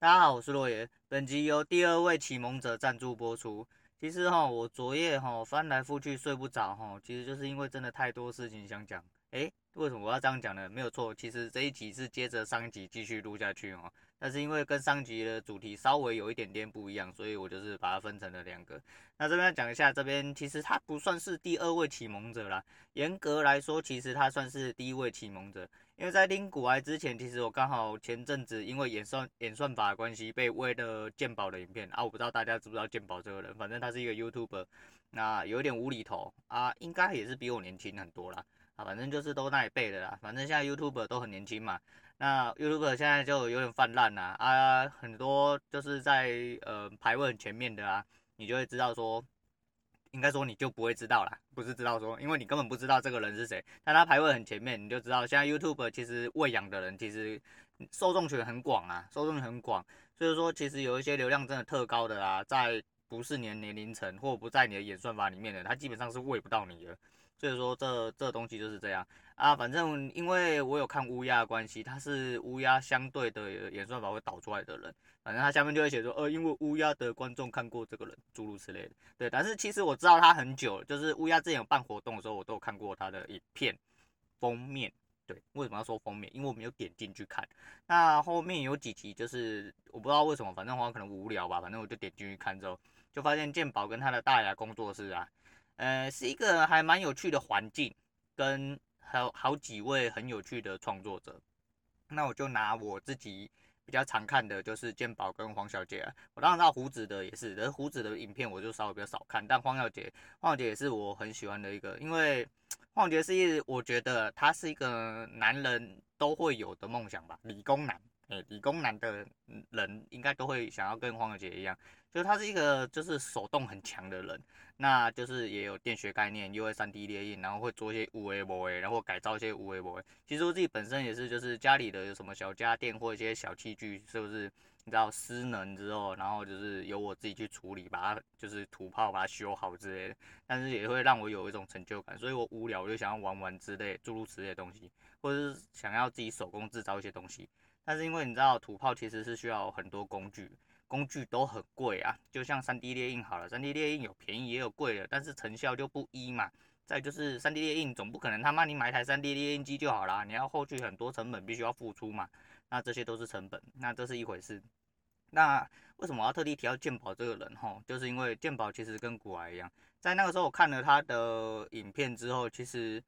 大家好，我是洛爺。本集由第二位啟蒙者贊助播出。其實哈，我昨夜哈翻來覆去睡不着哈，其實就是因為真的太多事情想講。誒，為什麼我要這樣講呢？沒有錯，其實這一集是接着上集繼續錄下去哦。但是因為跟上集的主題稍微有一點點不一樣，所以我就是把它分成了兩個。那這邊要講一下，這邊其實他不算是第二位啟蒙者啦，嚴格來說，其實他算是第一位啟蒙者。因為在拎古埃之前，其實我剛好前陣子因為演算演算法的關係被餵了賤葆的影片啊，我不知道大家知不知道賤葆這個人，反正他是一個 YouTuber，那、啊、有一點無厘頭啊，應該也是比我年輕很多啦。啊，反正就是都那一輩的啦。反正現在 YouTuber 都很年輕嘛，那 YouTuber 現在就有點泛濫啦、啊。啊，很多就是在呃排位很前面的啊，你就會知道說，應該說你就不會知道啦，不是知道說，因為你根本不知道這個人是誰。但他排位很前面，你就知道現在 YouTuber 其實餵養的人其實受眾群很廣啊，受眾很廣。所以說其實有一些流量真的特高的啦、啊，在不是你的年年齡層或不在你的演算法裡面的，他基本上是餵不到你的。所以說這，這這東西就是這樣啊。反正因為我有看烏鴉的關係，他是烏鴉相對的，的演算法會導出來的人。反正他下面就會寫說，呃，因為烏鴉的觀眾看過這個人，諸如此類的。對，但是其實我知道他很久，就是烏鴉之前有辦活動的時候，我都有看過他的影片封面。對，為什麼要說封面？因為我沒有點進去看。那後面有幾集，就是我不知道為什麼，反正我可能無聊吧，反正我就點進去看之後，就發現賤葆跟他的大雅工作室啊。呃，是一個還蠻有趣的環境，跟好好幾位很有趣的創作者。那我就拿我自己比較常看的，就是賤葆跟黃小姐，啊。我當然知道鬍子的也是，但是鬍子的影片，我就稍微比較少看。但黃小姐，黃小姐也是我很喜歡的一個，因為黃小姐是一，我覺得她是一個男人都會有的夢想吧，理工男。哎、呃，理工男的人應該都會想要跟黃小姐一樣。就他是一個就是手動很強的人，那就是也有電學概念，又會 3D 列印，然後會做一些有的沒的，然後改造一些有的沒的。其實我自己本身也是，就是家裡的有什麼小家電或一些小器具，是不是？你知道失能之後，然後就是由我自己去處理，把它就是土炮把它修好之類的。但是也會讓我有一種成就感，所以我無聊我就想要玩玩之類諸如此類的東西，或者是想要自己手工制造一些東西。但是因為你知道土炮其實是需要很多工具。工具都很貴啊，就像 3D 列印好了，3D 列印有便宜也有貴的，但是成效就不一嘛。再就是 3D 列印總不可能他媽你買一台 3D 列印機就好啦，你要後續很多成本必須要付出嘛，那這些都是成本，那這是一回事。那為什麼我要特地提到賤葆這個人吼？就是因為賤葆其實跟古玩一樣，在那個時候我看了他的影片之後，其實，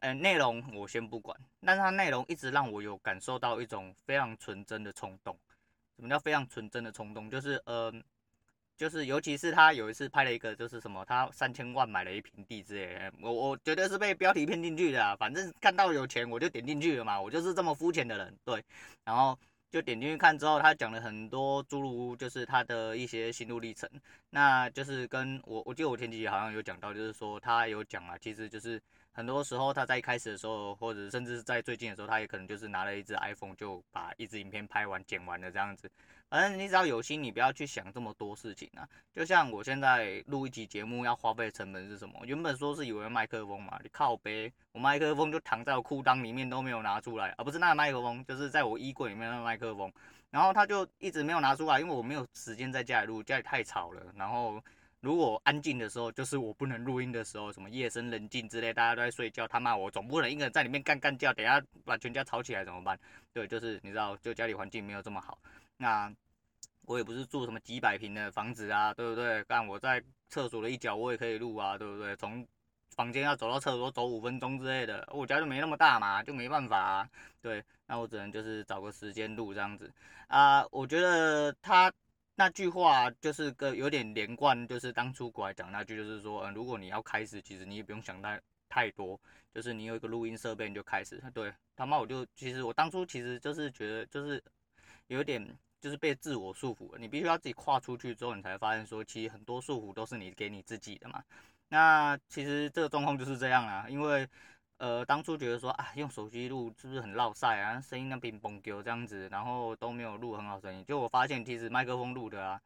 欸，內容我先不管，但是他內容一直讓我有感受到一種非常純真的衝動。什麼叫非常純真的衝動？就是呃，就是尤其是他有一次拍了一個，就是什麼，他三千萬買了一片地之類，我我絕對是被標題騙進去的啊，反正看到有錢我就點進去了嘛，我就是這麼膚淺的人。對，然後就點進去看之後，他講了很多諸如就是他的一些心路歷程。那就是跟我，我記得我前幾集好像有講到，就是說他有講啊，其實就是。很多時候，他在一開始的時候，或者甚至是在最近的時候，他也可能就是拿了一支 iPhone 就把一支影片拍完剪完了這樣子。反正你只要有心，你不要去想這麼多事情啊。就像我現在錄一集節目要花費的成本是什麼？原本說是以為有麥克風嘛，你靠北，我麥克風就躺在我褲襠裡面都沒有拿出來，而、啊、不是那個麥克風，就是在我衣櫃裡面的麥克風，然後他就一直沒有拿出來，因為我沒有時間在家裡錄，家裡太吵了，然後。如果安靜的時候，就是我不能錄音的時候，什麼夜深人靜之類，大家都在睡覺，他罵我總不能一個人在裡面乾干叫，等一下把全家吵起來怎麼辦？對，就是你知道，就家裡環境沒有這麼好，那我也不是住什麼幾百坪的房子啊，對不對？但我在廁所的一角我也可以錄啊，對不對？從房間要走到廁所走五分鐘之類的，我家就沒那麼大嘛，就沒辦法啊。對，那我只能就是找個時間錄這樣子啊、呃，我覺得他。那句話就是個有點連貫，就是當初過來講那句，就是說，嗯，如果你要開始，其實你也不用想太太多，就是你有一個錄音設備，你就開始。對，他媽，我就其實我當初其實就是覺得，就是有點就是被自我束縛，你必須要自己跨出去之後，你才發現說，其實很多束縛都是你給你自己的嘛。那其實這個狀況就是這樣啊，因為。呃，當初覺得說啊，用手機錄是不是很烙賽啊，聲音那邊崩掉這樣子，然後都沒有錄很好聲音。就我發現其實麥克風錄的啊，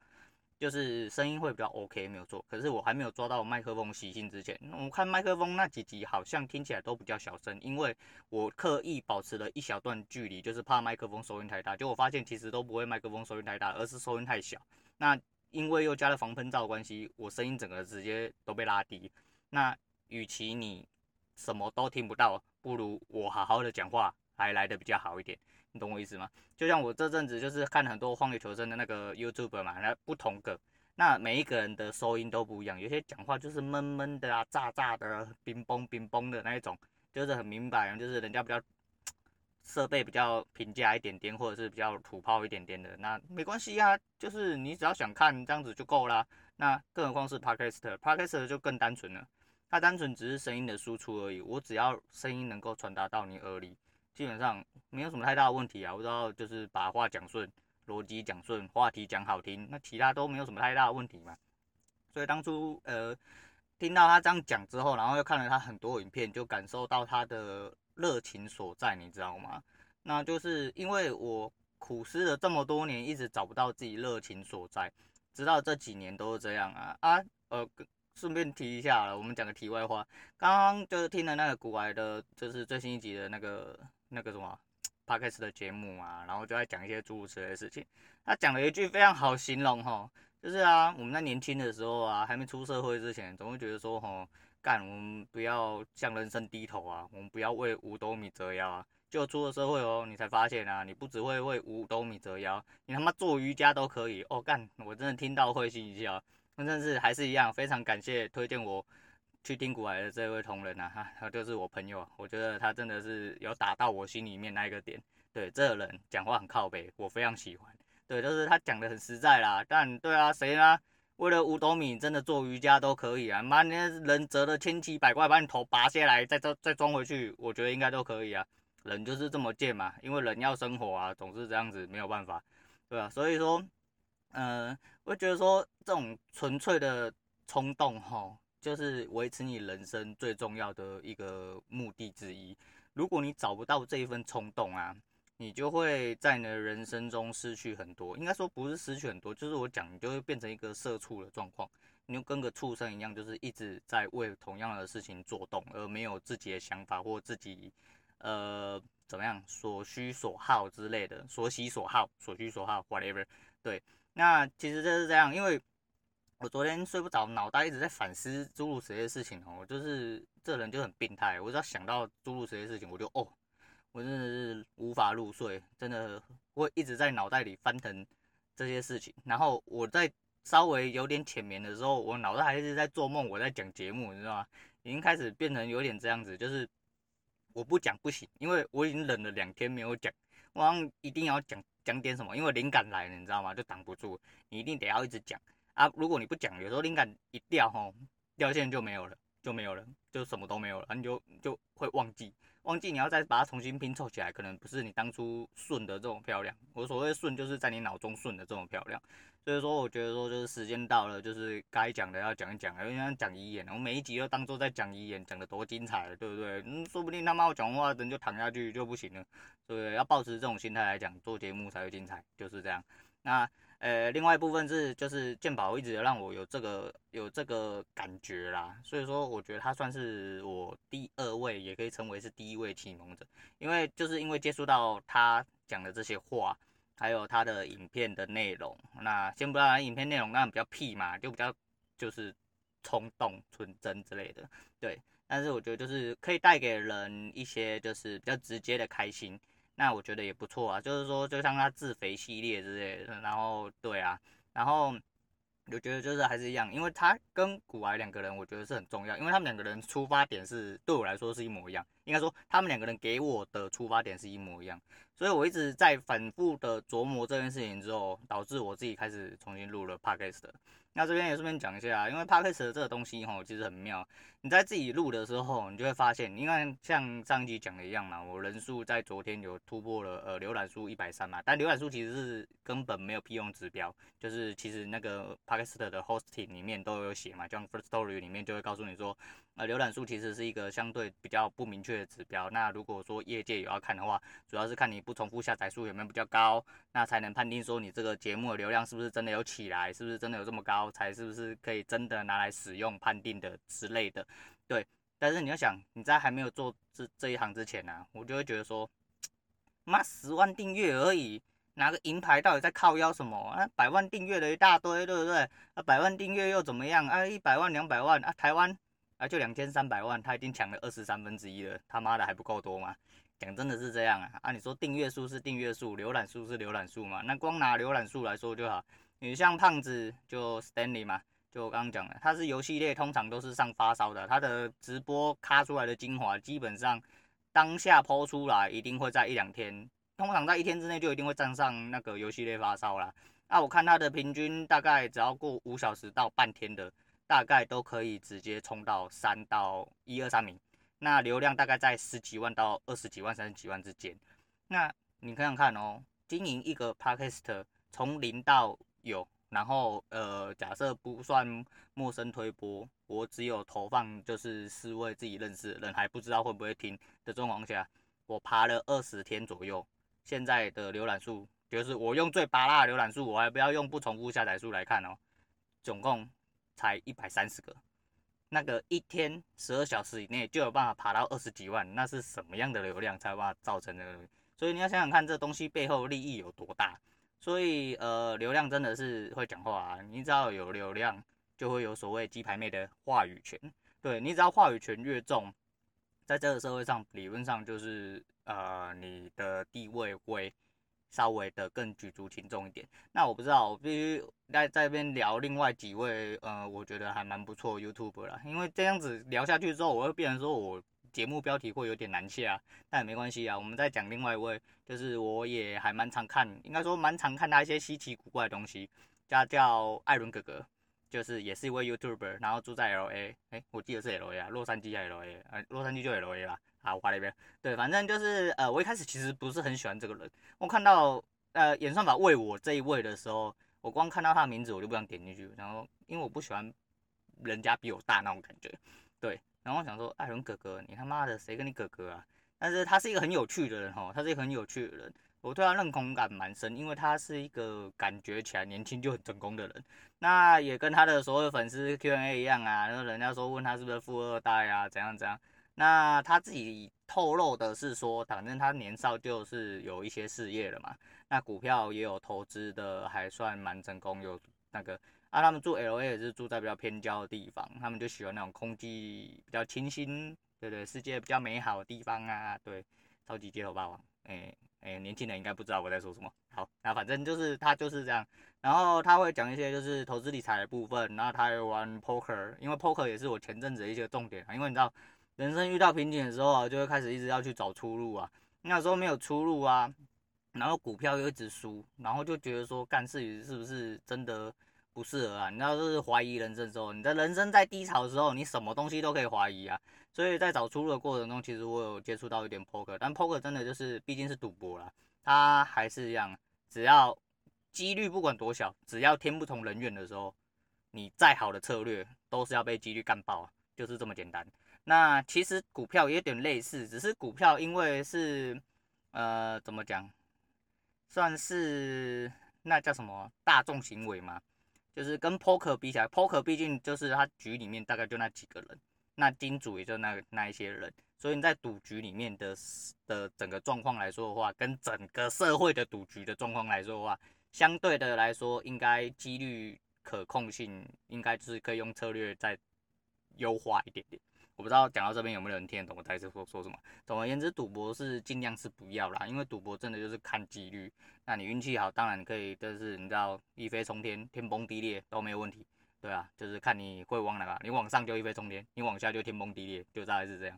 就是聲音會比較 OK，沒有錯。可是我還沒有抓到麥克風習性之前，我看麥克風那幾集好像聽起來都比較小聲，因為我刻意保持了一小段距離，就是怕麥克風收音太大。就我發現其實都不會麥克風收音太大，而是收音太小。那因為又加了防噴罩關係，我聲音整個直接都被拉低。那與其你。什麼都聽不到，不如我好好的講話還來得比較好一點，你懂我意思嗎？就像我這陣子就是看很多荒野求生的那個 YouTuber 嘛，那不同的，那每一個人的收音都不一樣，有些講話就是悶悶的啊，炸炸的，冰崩冰崩的那一種，就是很明白啊，就是人家比較設備比較平價一點點，或者是比較土炮一點點的，那沒關係呀、啊，就是你只要想看這樣子就夠啦、啊，那更何況是 Podcast，Podcast Pod 就更單純了。他單純只是聲音的輸出而已，我只要聲音能夠傳達到你耳裡，基本上沒有什麼太大的問題啊。我知道就是把話講順，邏輯講順，話題講好聽，那其他都沒有什麼太大的問題嘛。所以當初呃，聽到他這樣講之後，然後又看了他很多影片，就感受到他的熱情所在，你知道嗎？那就是因為我苦思了這麼多年，一直找不到自己熱情所在，直到這幾年都是這樣啊啊呃。順便提一下了，我們講個題外話。剛剛就是聽了那個古來的，就是最新一集的那個那個什麼 podcast 的節目嘛，然後就在講一些主持的事情。他講了一句非常好形容吼，就是啊，我們在年輕的時候啊，還沒出社會之前，總會覺得說吼，幹，我們不要向人生低頭啊，我們不要為五斗米折腰啊。就出了社會哦、喔，你才發現啊，你不只會為五斗米折腰，你他媽做瑜伽都可以。哦幹，我真的聽到會心一笑。但是還是一樣，非常感謝推薦我去聽古來的這位同仁啊，哈、啊，他就是我朋友啊，我覺得他真的是有打到我心裡面那一個點。對，這個人講話很靠北，我非常喜歡。對，就是他講的很實在啦。但對啊，誰呢？為了五斗米，真的做瑜伽都可以啊。媽，那人折了千奇百怪，把你頭拔下來再裝再裝回去，我覺得應該都可以啊。人就是這麼賤嘛，因為人要生活啊，總是這樣子沒有辦法，對啊，所以說。嗯、呃，我覺得說這種純粹的衝動，吼，就是維持你人生最重要的一個目的之一。如果你找不到這一份衝動啊，你就會在你的人生中失去很多。應該說不是失去很多，就是我講，你就會變成一個社畜的狀況。你就跟個畜生一樣，就是一直在為同樣的事情做動，而沒有自己的想法或自己，呃。怎麼樣？所需所好之類的，所喜所好，所需所好，whatever。對，那其實就是這樣，因為我昨天睡不着，腦袋一直在反思諸如這些事情哦。我就是這人就很病態，我只要想到諸如這些事情，我就哦，我真的是無法入睡，真的會一直在腦袋裡翻騰這些事情。然後我在稍微有點淺眠的時候，我腦袋還是在做夢，我在講節目，你知道嗎？已經開始變成有點這樣子，就是。我不講不行，因為我已經忍了兩天沒有講，我一定要講講點什麼，因為靈感來了，你知道嗎？就擋不住，你一定得要一直講啊！如果你不講，有時候靈感一掉，吼，掉線就沒有了，就沒有了，就什麼都沒有了，你就就會忘記，忘記你要再把它重新拼湊起來，可能不是你當初順的這種漂亮。我所謂順，就是在你腦中順的這種漂亮。所以說，我覺得說就是時間到了，就是該講的要講一講，因為要講遺言，我每一集都當做在講遺言，講得多精彩了，對不對？嗯，說不定他媽我講話人就躺下去就不行了，所以要保持這種心態來講，做節目才會精彩，就是這樣。那呃，另外一部分是就是賤葆一直讓我有這個有這個感覺啦，所以說我覺得他算是我第二位，也可以稱為是第一位啟蒙者，因為就是因為接觸到他講的這些話。還有他的影片的內容，那先不講影片內容，那比較屁嘛，就比較就是衝動、純真之類的，對。但是我覺得就是可以帶給人一些就是比較直接的開心，那我覺得也不錯啊。就是說，就像他自肥系列之類的，然後對啊，然後我覺得就是還是一樣，因為他跟古懷兩個人，我覺得是很重要，因為他們兩個人出發點是對我來說是一模一樣。應該說，他們兩個人給我的出發點是一模一樣，所以我一直在反覆的琢磨這件事情之後，導致我自己開始重新錄了 Podcast 那這邊也順便講一下，因為 Podcast 這個東西齁，其實很妙。你在自己錄的時候，你就會發現，你看像上一集講的一樣嘛，我人數在昨天有突破了呃瀏覽數一百三嘛，但瀏覽數其實是根本沒有屁用指標，就是其實那個 Podcast 的 hosting 裡面都有寫嘛，像 Firstory 裡面就會告訴你說，呃瀏覽數其實是一個相對比較不明確。指標，那如果說業界有要看的話，主要是看你不重複下載數有沒有比較高，那才能判定說你這個節目的流量是不是真的有起來，是不是真的有這麼高，才是不是可以真的拿來使用判定的之類的。對，但是你要想，你在還沒有做這這一行之前呢，啊，我就會覺得說，媽十萬訂閱而已，拿個銀牌到底在靠腰什麼啊？百萬訂閱的一大堆，對不對？啊，百萬訂閱又怎麼樣啊？一百萬、兩百萬啊，台灣。啊，就兩千三百萬，他已經搶了二十三分之一了，他媽的還不夠多嗎？講真的是這樣啊！按、啊、你說訂閱數是訂閱數，瀏覽數是瀏覽數嘛？那光拿瀏覽數來說就好，你像胖子就 Stanley 嘛，就我剛剛講的，他是遊戲類，通常都是上發燒的，他的直播咔出來的精華，基本上當下拋出來，一定會在一兩天，通常在一天之內就一定會站上那個遊戲類發燒啦。那、啊、我看他的平均大概只要過五小時到半天的。大概都可以直接衝到三到一二三名，那流量大概在十幾萬到二十幾萬、三十幾萬之間。那你看看哦，經營一個 podcast 從零到有，然後呃，假設不算陌生推播，我只有投放就是四位自己認識人還不知道會不會聽的狀況下，我爬了二十天左右，現在的瀏覽數就是我用最芭樂的瀏覽數，我還不要用不重複下載數來看哦，總共。才一百三十個，那個一天十二小時以內就有辦法爬到二十幾萬，那是什麼樣的流量才把它造成的？所以你要想想看，這東西背後利益有多大。所以呃，流量真的是會講話啊，你只要有流量就會有所謂雞排妹的話語權。對，你只要話語權越重，在這個社會上理論上就是呃，你的地位會。稍微的更舉足輕重一點，那我不知道，我必須在在這邊聊另外幾位，呃，我覺得還蠻不錯 YouTuber 啦，因為這樣子聊下去之後，我會變成說我節目標題會有點難下，但也沒關係啊，我們再講另外一位，就是我也還蠻常看，應該說蠻常看他一些稀奇古怪的東西，叫叫，叫艾倫哥哥。就是也是一位 YouTuber，然後住在 L A，哎、欸，我記得是 L A，、啊、洛杉磯在 L A，、呃、洛杉磯就 L A 了啊，我滑那邊，對，反正就是呃，我一開始其實不是很喜歡這個人，我看到呃演算法為我這一位的時候，我光看到他的名字我就不想點進去，然後因為我不喜歡人家比我大那種感覺，對，然後我想說艾倫、啊、哥哥，你他媽的誰跟你哥哥啊？但是他是一個很有趣的人哦，他是一個很有趣的人。我對他認同感蠻深，因為他是一個感覺起來年輕就很成功的人。那也跟他的所有的粉絲 Q&A 一樣啊，然後人家說問他是不是富二代啊，怎樣怎樣。那他自己透露的是說，反正他年少就是有一些事業了嘛，那股票也有投資的，還算蠻成功，有那個啊。他們住 L A 也是住在比較偏郊的地方，他們就喜歡那種空氣比較清新，對對對，世界比較美好的地方啊，對，超級街頭霸王，欸。哎、欸，年輕人應該不知道我在說什麼。好，那反正就是他就是這樣，然後他會講一些就是投資理財的部分，然後他還玩 poker，因為 poker 也是我前陣子的一些重點。因為你知道，人生遇到瓶頸的時候啊，就會開始一直要去找出路啊。那時候沒有出路啊，然後股票又一直輸，然後就覺得說幹事是，是不是真的？不適合啊！你要就是懷疑人生的時候，你的人生在低潮的時候，你什麼東西都可以懷疑啊。所以在找出路的過程中，其實我有接觸到一點 poker，但 poker 真的就是畢竟是賭博啦。它還是一樣，只要幾率不管多小，只要天不從人願的時候，你再好的策略都是要被幾率幹爆、啊，就是這麼簡單。那其實股票也有點類似，只是股票因為是呃怎麼講，算是那叫什麼大眾行為嘛。就是跟 poker 比起來，poker 畢竟就是他局裡面大概就那幾個人，那金主也就那那一些人，所以你在賭局裡面的的整個狀況來說的話，跟整個社會的賭局的狀況來說的話，相對的來說，應該幾率可控性應該就是可以用策略再優化一點點。我不知道講到這邊有沒有人聽得懂我在，我大概是說說什麼。總而言之，賭博是盡量是不要啦，因為賭博真的就是看幾率。那你運氣好，當然可以，就是你知道一飛沖天，天崩地裂都沒有問題。對啊，就是看你會往哪，你往上就一飛沖天，你往下就天崩地裂，就大概是這樣。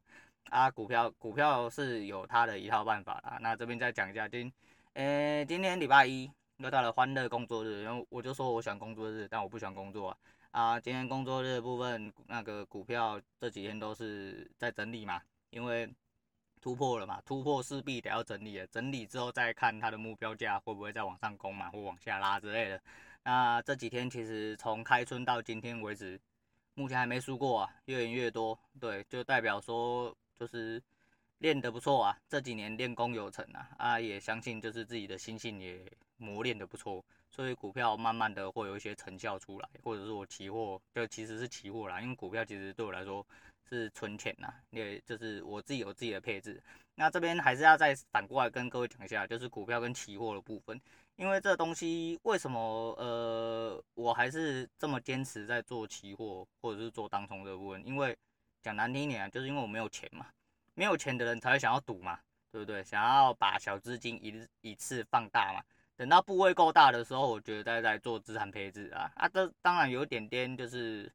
啊，股票股票是有它的一套辦法啊。那這邊再講一下今，呃、欸，今天禮拜一又到了歡樂工作日，然後我就說我喜歡工作日，但我不喜歡工作。啊。啊，今天工作日的部分，那個股票這幾天都是在整理嘛，因為突破了嘛，突破勢必得要整理，整理之後再看它的目標價會不會再往上攻嘛，或往下拉之類的。那這幾天其實從開春到今天為止，目前還沒輸過啊，越贏越多，對，就代表說就是練得不錯啊，這幾年練功有成啊，啊，也相信就是自己的心性也磨練得不錯。所以股票慢慢的會有一些成效出來，或者是我期貨，這其實是期貨啦，因為股票其實對我來說是存錢啦，因為就是我自己有自己的配置。那這邊還是要再反過來跟各位講一下，就是股票跟期貨的部分，因為這東西為什麼呃我還是這麼堅持在做期貨或者是做當衝這部分？因為講難聽一點啊，就是因為我沒有錢嘛，沒有錢的人才會想要賭嘛，對不對？想要把小資金一一次放大嘛。等到部位夠大的時候，我覺得再在，在做資產配置啊啊，這當然有一點顛，就是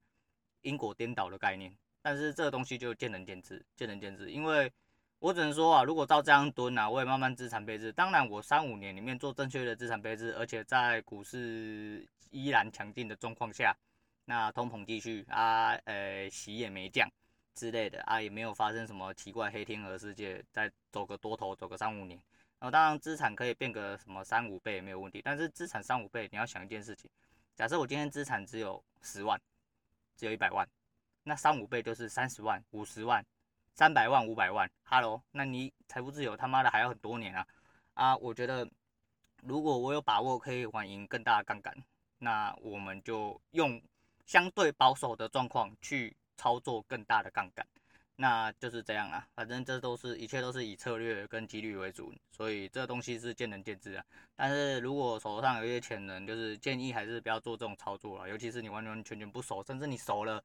因果顛倒的概念。但是這個東西就見仁見智，見仁見智。因為我只能說啊，如果照這樣蹲啊，我也慢慢資產配置。當然，我三五年裡面做正確的資產配置，而且在股市依然強勁的狀況下，那通膨繼續啊，呃、欸，息也沒降之類的啊，也沒有發生什麼奇怪黑天鵝事件，再走個多頭，走個三五年。然後、哦、當然資產可以變個什麼三五倍也沒有問題，但是資產三五倍你要想一件事情，假設我今天資產只有十萬，只有一百萬，那三五倍就是三十萬、五十萬、三百萬、五百萬，哈嘍，那你財富自由他媽的還要很多年啊！啊，我覺得如果我有把握可以玩贏更大的槓桿，那我們就用相對保守的狀況去操作更大的槓桿。那就是這樣了，反正這都是一切都是以策略跟幾率為主，所以這東西是見仁見智啊。但是如果手上有些潛能，就是建議還是不要做這種操作啦。尤其是你完完全全不熟，甚至你熟了，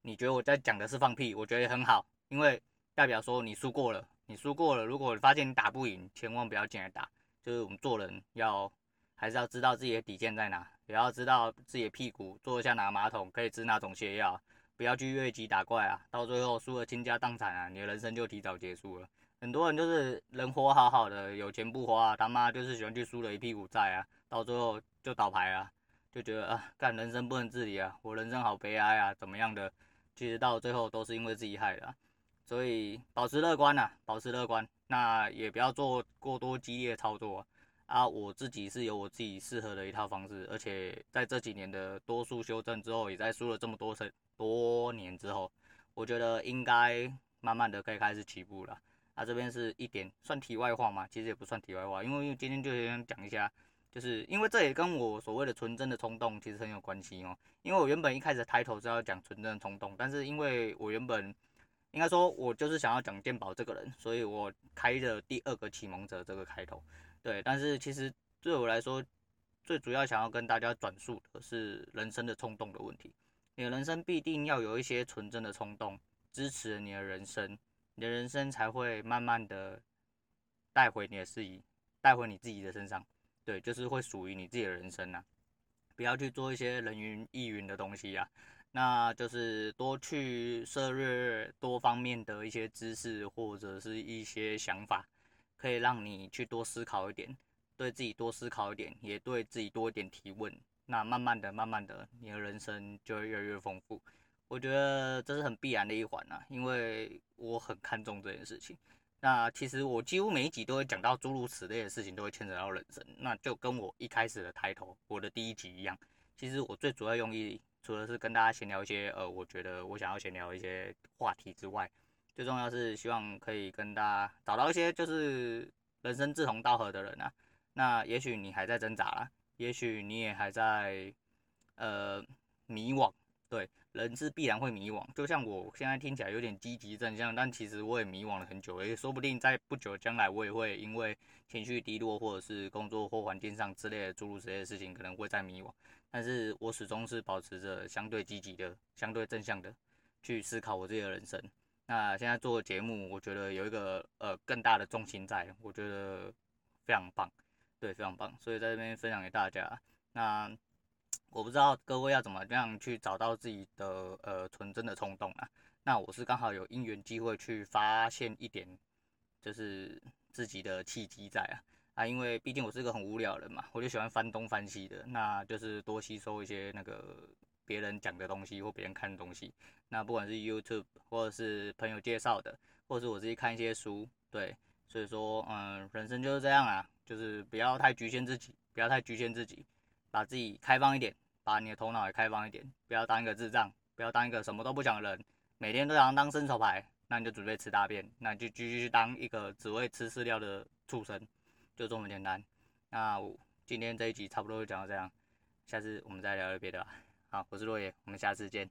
你覺得我在講的是放屁，我覺得也很好，因為代表說你輸過了，你輸過了。如果你發現你打不贏，千萬不要進來打，就是我們做人要還是要知道自己的底線在哪，也要知道自己的屁股坐一下哪個馬桶，可以吃哪種瀉藥。不要去越級打怪啊，到最後輸了傾家蕩產啊，你的人生就提早結束了。很多人就是人活好好的，有錢不花，他媽就是喜歡去輸了一屁股債啊，到最後就倒牌啊，就覺得啊，幹、呃、人生不能自理啊，我人生好悲哀啊，怎麼樣的？其實到最後都是因為自己害的啊，所以保持樂觀吶，保持樂觀，那也不要做過多激烈操作啊。啊，我自己是有我自己適合的一套方式，而且在這幾年的多數修正之後，也在輸了這麼多成、多年之後，我覺得應該慢慢的可以開始起步了。啊，這邊是一點算題外話嘛，其實也不算題外話，因為今天就先講一下，就是因為這也跟我所謂的純真的衝動其實很有關係哦。因為我原本一開始的 title 是要講純真的衝動，但是因為我原本應該說我就是想要講賤葆這個人，所以我開了第二個啟蒙者這個開頭。對，但是其實對我來說，最主要想要跟大家轉述的是人生的衝動的問題。你的人生必定要有一些純真的衝動支持你的人生，你的人生才會慢慢的帶回你的事宜帶回你自己的身上。對，就是會屬於你自己的人生吶、啊，不要去做一些人云亦云的東西呀、啊。那就是多去涉獵，多方面的一些知識或者是一些想法。可以讓你去多思考一點，對自己多思考一點，也對自己多一點提問。那慢慢的、慢慢的，你的人生就會越來越豐富。我覺得這是很必然的一環啊，因為我很看重這件事情。那其實我幾乎每一集都會講到諸如此類的事情，都會牽扯到人生。那就跟我一開始的抬頭，我的第一集一樣。其實我最主要用意，除了是跟大家閒聊一些，呃，我覺得我想要閒聊一些話題之外，最重要的是希望可以跟大家找到一些就是人生志同道合的人吶、啊。那也許你還在掙扎啦，也許你也還在呃迷惘。對，人是必然會迷惘。就像我現在聽起來有點積極正向，但其實我也迷惘了很久。也、欸，說不定在不久將來我也會因為情緒低落，或者是工作或環境上之類的諸如此類的事情可能會再迷惘。但是我始終是保持着相對積極的、相對正向的去思考我自己的人生。那現在做節目，我覺得有一個呃更大的重心在，我覺得非常棒，對，非常棒。所以在這邊分享給大家。那我不知道各位要怎麼樣去找到自己的呃純真的衝動啊。那我是剛好有因緣機會去發現一點，就是自己的契機在啊啊，因為畢竟我是一個很無聊的人嘛，我就喜歡翻東翻西的，那就是多吸收一些那個。別人講的東西或別人看的東西，那不管是 YouTube 或者是朋友介紹的，或者是我自己看一些書，對，所以說，嗯，人生就是這樣啊，就是不要太局限自己，不要太局限自己，把自己開放一點，把你的頭腦也開放一點，不要當一個智障，不要當一個什麼都不想的人，每天都想當伸手牌，那你就準備吃大便，那你就繼續去當一個只會吃飼料的畜生，就這麼簡單。那我今天這一集差不多就講到這樣，下次我們再聊一聊別的吧。好，我是若野，我們下次見。